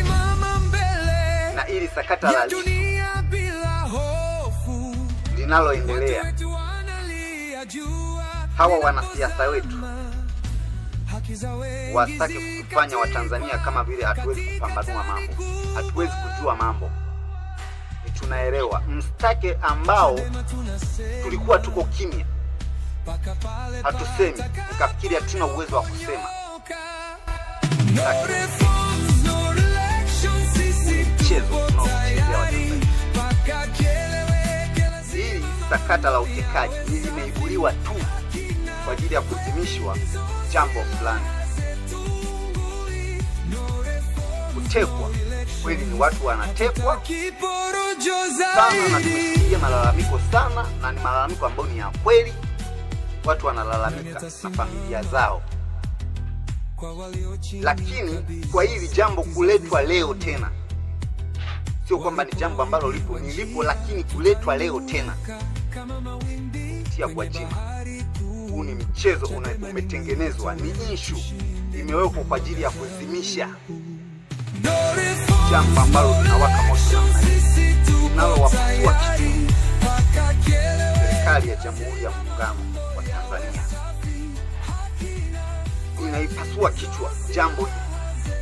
kusimama mbele na ili sakata la dunia bila hofu linaloendelea, hawa wanasiasa wetu kufanya kutufanya Watanzania kama vile hatuwezi kupambanua mambo, hatuwezi kujua mambo, tunaelewa mstake ambao tulikuwa tuko kimya, hatusemi, ukafikiri hatuna uwezo wa kusema Mtake. sakata la utekaji ni limeibuliwa tu kwa ajili ya kuzimishwa jambo fulani. Kutekwa kweli ni watu wanatekwa sana, na tumesikia malalamiko sana, na ni malalamiko ambayo ni ya kweli. Watu wanalalamika na familia zao, lakini kwa hili jambo kuletwa leo tena, sio kwamba ni jambo ambalo lipo nilipo, lakini kuletwa leo tena sia kwa jina. Huu ni mchezo umetengenezwa, ni ishu imewekwa kwa ajili ya kuzimisha jambo ambalo linawaka moto linalowapua serikali ya Jamhuri ya Muungano wa Tanzania inaipasua kichwa jambo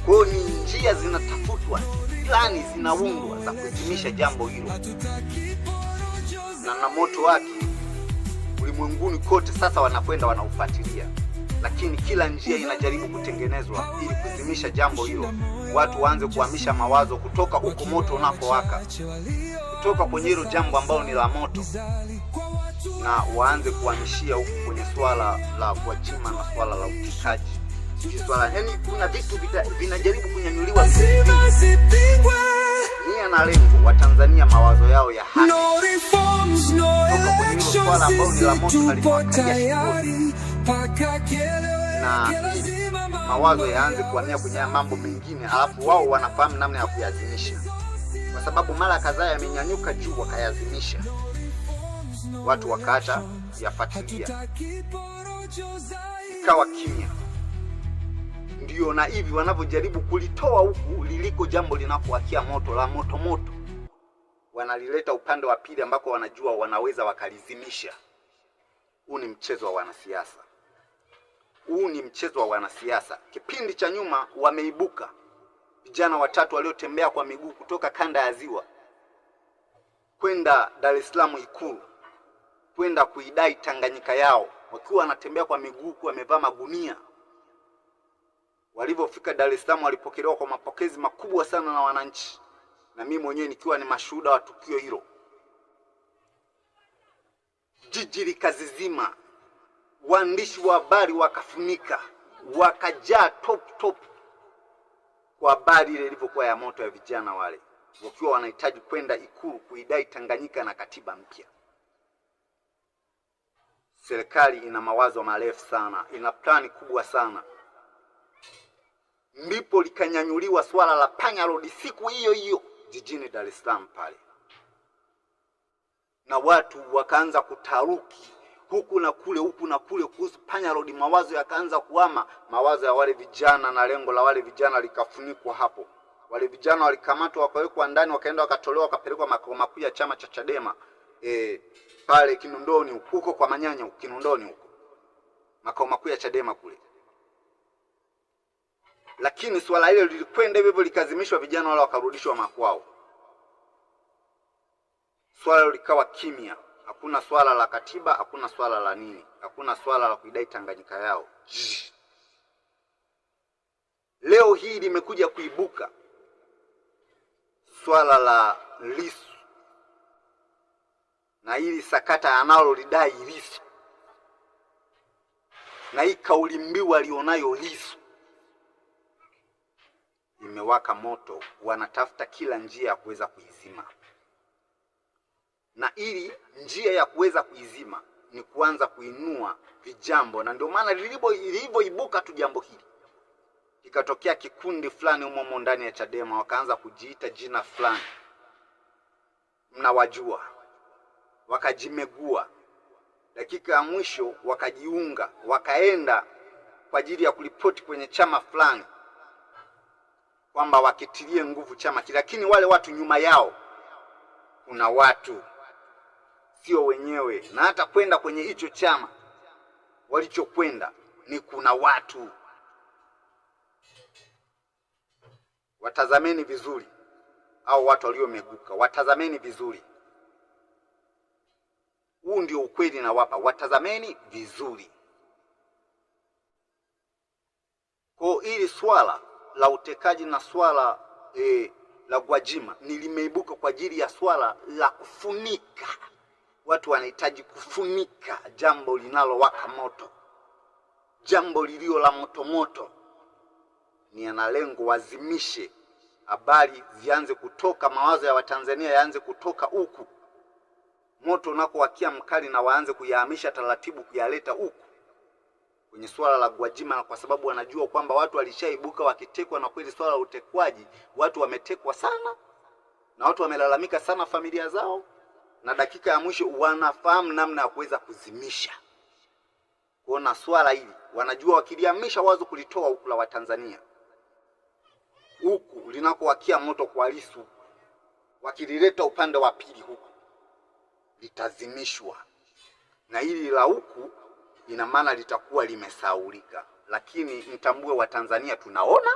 kwa hiyo ni njia zinatafutwa, plani zinaundwa za kuhitimisha jambo hilo na na moto wake ulimwenguni kote sasa wanakwenda wanaufuatilia, lakini kila njia inajaribu kutengenezwa ili kuzimisha jambo hilo, watu waanze kuhamisha mawazo kutoka huko moto unakowaka, kutoka kwenye hilo jambo ambalo ni la moto, na waanze kuhamishia huku kwenye swala la kuachima na swala la utikaji, swala yani kuna vitu vinajaribu kunyanyuliwa hawana lengo, Tanzania mawazo yao ya haki. No reforms, no elections, tayari paka mawazo yaanze kuania kwenye mambo mengine, alafu wao wanafahamu namna ya kuyazimisha, kwa sababu mara kadhaa yamenyanyuka juu wakayazimisha, watu wakaacha yafuatilia, ikawa kimya ndio na hivi wanavyojaribu kulitoa huku liliko jambo linapoakia moto la moto moto, wanalileta upande wa pili ambako wanajua wanaweza wakalizimisha. Huu ni mchezo wa wanasiasa, huu ni mchezo wa wanasiasa. Kipindi cha nyuma wameibuka vijana watatu waliotembea kwa miguu kutoka kanda ya ziwa kwenda Dar es Salaam Ikulu kwenda kuidai Tanganyika yao wakiwa wanatembea kwa miguu, wamevaa magunia Walivyofika Dar es Salaam walipokelewa kwa mapokezi makubwa sana na wananchi, na mimi mwenyewe nikiwa ni mashuhuda wa tukio hilo. Jiji likazizima, waandishi wa habari wakafunika, wakajaa top top kwa habari ile ilivyokuwa ya moto ya vijana wale, wakiwa wanahitaji kwenda Ikulu kuidai Tanganyika na katiba mpya. Serikali ina mawazo marefu sana, ina plani kubwa sana ndipo likanyanyuliwa swala la Panya Road siku hiyo hiyo jijini Dar es Salaam pale, na watu wakaanza kutaruki huku na kule, huku na kule kuhusu Panya Road. Mawazo yakaanza kuama, mawazo ya wale vijana na lengo la wale vijana likafunikwa hapo. Wale vijana walikamatwa, wakawekwa ndani, wakaenda wakatolewa, wakapelekwa makao makuu ya chama cha Chadema e, pale Kinondoni huko kwa Manyanya, Kinondoni huko makao makuu ya Chadema kule lakini suala hilo lilikwenda hivyo likazimishwa, vijana wale wakarudishwa makwao, swala likawa kimya. Hakuna swala la katiba, hakuna swala la nini, hakuna swala la kuidai Tanganyika yao. Leo hii limekuja kuibuka swala la Lissu na hili sakata analolidai Lissu na hii kauli mbiu alionayo Lissu imewaka moto, wanatafuta kila njia ya kuweza kuizima, na ili njia ya kuweza kuizima ni kuanza kuinua vijambo, na ndio maana lilivyoibuka tu jambo hili ikatokea kikundi fulani humomo ndani ya Chadema wakaanza kujiita jina fulani, mnawajua, wakajimegua, dakika ya mwisho wakajiunga, wakaenda kwa ajili ya kuripoti kwenye chama fulani kwamba wakitilie nguvu chama kile, lakini wale watu nyuma yao kuna watu sio wenyewe, na hata kwenda kwenye hicho chama walichokwenda ni kuna watu. Watazameni vizuri au watu waliomeguka, watazameni vizuri. Huu ndio ukweli nawapa, watazameni vizuri. Kwa hili swala la utekaji na swala e, la Gwajima nilimeibuka kwa ajili ya swala la kufunika. Watu wanahitaji kufunika jambo linalowaka moto, jambo lilio la motomoto. Ni ana lengo wazimishe, habari zianze kutoka, mawazo ya Watanzania yaanze kutoka huku, moto unakowakia mkali, na waanze kuyahamisha taratibu kuyaleta huku kwenye swala la Gwajima, kwa sababu wanajua kwamba watu walishaibuka wakitekwa, na kweli swala la utekwaji, watu wametekwa sana na watu wamelalamika sana familia zao, na dakika ya mwisho wanafahamu namna ya kuweza kuzimisha kuona swala hili, wanajua wakiliamisha wazo kulitoa huku la Watanzania huku linakowakia moto kwa Lissu, wakilileta upande wa pili huku litazimishwa, na hili la huku ina maana litakuwa limesaulika, lakini mtambue Watanzania tunaona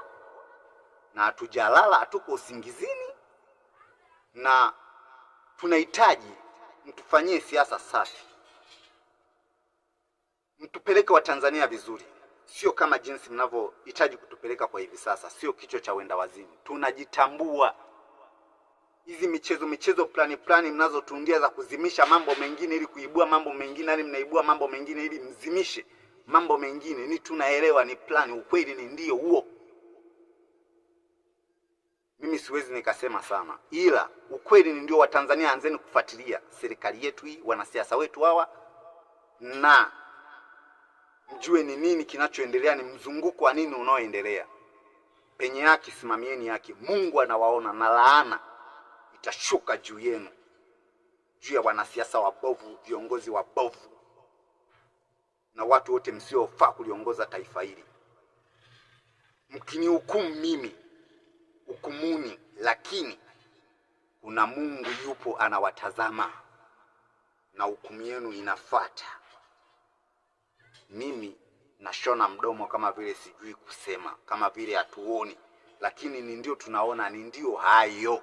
na hatujalala, hatuko usingizini na tunahitaji mtufanyie siasa safi, mtupeleke Watanzania vizuri, sio kama jinsi mnavyohitaji kutupeleka kwa hivi sasa, sio kichwa cha wenda wazimu. Tunajitambua hizi michezo michezo plani plani mnazotundia za kuzimisha mambo mengine ili kuibua mambo mengine, yani mnaibua mambo mengine ili mzimishe mambo mengine, ni tunaelewa, ni plani. Ukweli ni ndio huo. Mimi siwezi nikasema sana, ila ukweli ni ndio. Watanzania, anzeni kufuatilia serikali yetu hii, wanasiasa wetu hawa, na mjue ni nini kinachoendelea, ni mzunguko wa nini unaoendelea. Penye yake simamieni yake Mungu anawaona na laana itashuka juu yenu, juu ya wanasiasa wabovu, viongozi wabovu na watu wote msiofaa kuliongoza taifa hili. Mkinihukumu mimi, hukumuni, lakini kuna Mungu yupo anawatazama na hukumu yenu inafuata. Mimi nashona mdomo kama vile sijui kusema, kama vile hatuoni, lakini ni ndio tunaona, ni ndio hayo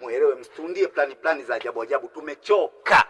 muelewe, msitundie plani plani za ajabu ajabu, tumechoka.